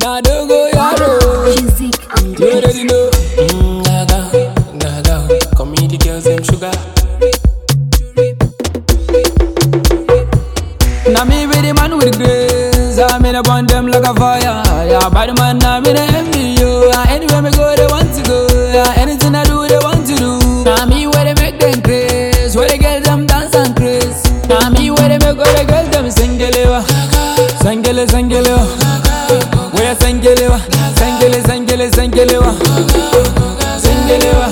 Now don't go yellow. You already know. Mm, gaga, gaga. Come me the girls them Now me be the man with grace. I'm in a them like a fire. Yeah, bad man, I'm in a envy you. Anywhere me go, they want to go. Yeah, anything I do, they want to do. Now me where they make them craze. Where the girls them dance and craze. Now me where they make all the girls them singele wa. Singele, singele wa. oya zengelewa zengele zengele zengelewa zengelewa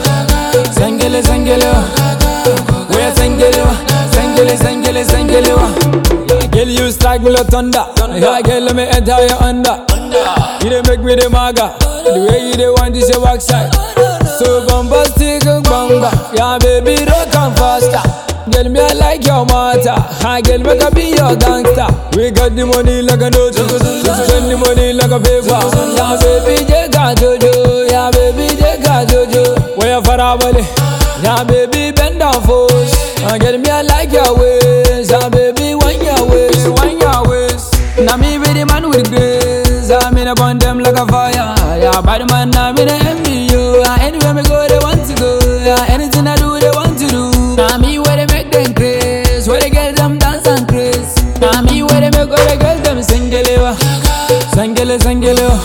zengele zengelewa oya zengelewa zengele zengele zengelewa Girl, you strike me like thunder. Yeah, girl, let me enter your under. You dey make me the maga. The way you dey want is your backside. So bombastic, bomba. Yeah, baby, don't come faster. كلمة لايك يا ماتا قلبك بيا دانكتا ويقدموني لك نوتو ويقدموني لك فيفا يا بيبي جيكا جوجو يا بيبي جيكا جوجو ويا فرابلي يا بيبي بندا فوز كلمة لايك يا ويز يا بيبي وين يا ويز وين يا ويز نامي بيدي مان with grace I'm in a bond them like a fire يا bad man I'm in a zengele zengelewa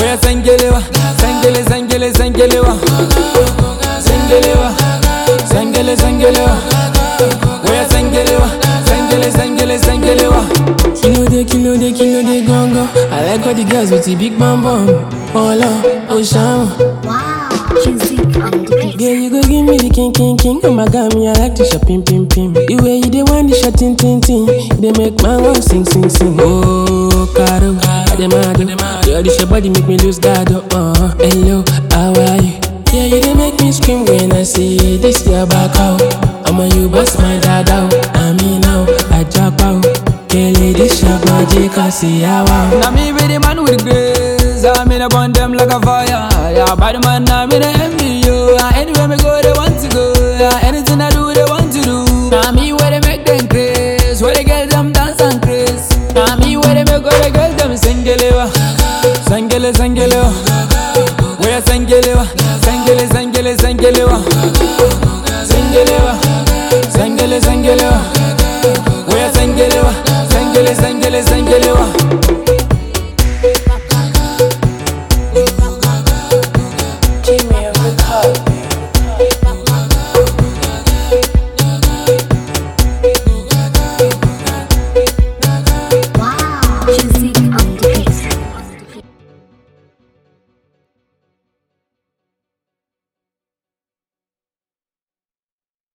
weya zengelewa zengele zengele zengelewa zengelewa zengele zengelewa weya zengelewa zengele zengele zengelewa kilo de kilo de kilo de gongo i like all the girls with the big bum bum all up ocean oh, Girl, you go give me the king, king, king. Oh my god, me, I like to shop, pim, pim, pim. The way you dey one, the shot, tin, tin, tin. They make my world sing, sing, sing. Oh, caro them mad. Girl, this your body make me lose God. Oh, uh, hello, how are you? Yeah, you don't make me scream when I see this your back out. Oh. I'ma you bust my dad out. Oh. I mean now, I drop out. Kelly, ladies, your body cause see how. Now me with the man with grace. I'm in upon them like a fire. Yeah, bad man, I'm in envy you. Anywhere me go, they want to go. Anything I do, they want to do. Now me where they make them grace. Where they get them down. gore gölde sengelewa Sengele sengelewa Oya sengelewa Sengele sengele sengelewa Sengelewa Sengele sengelewa Oya sengelewa Sengele sengele sengelewa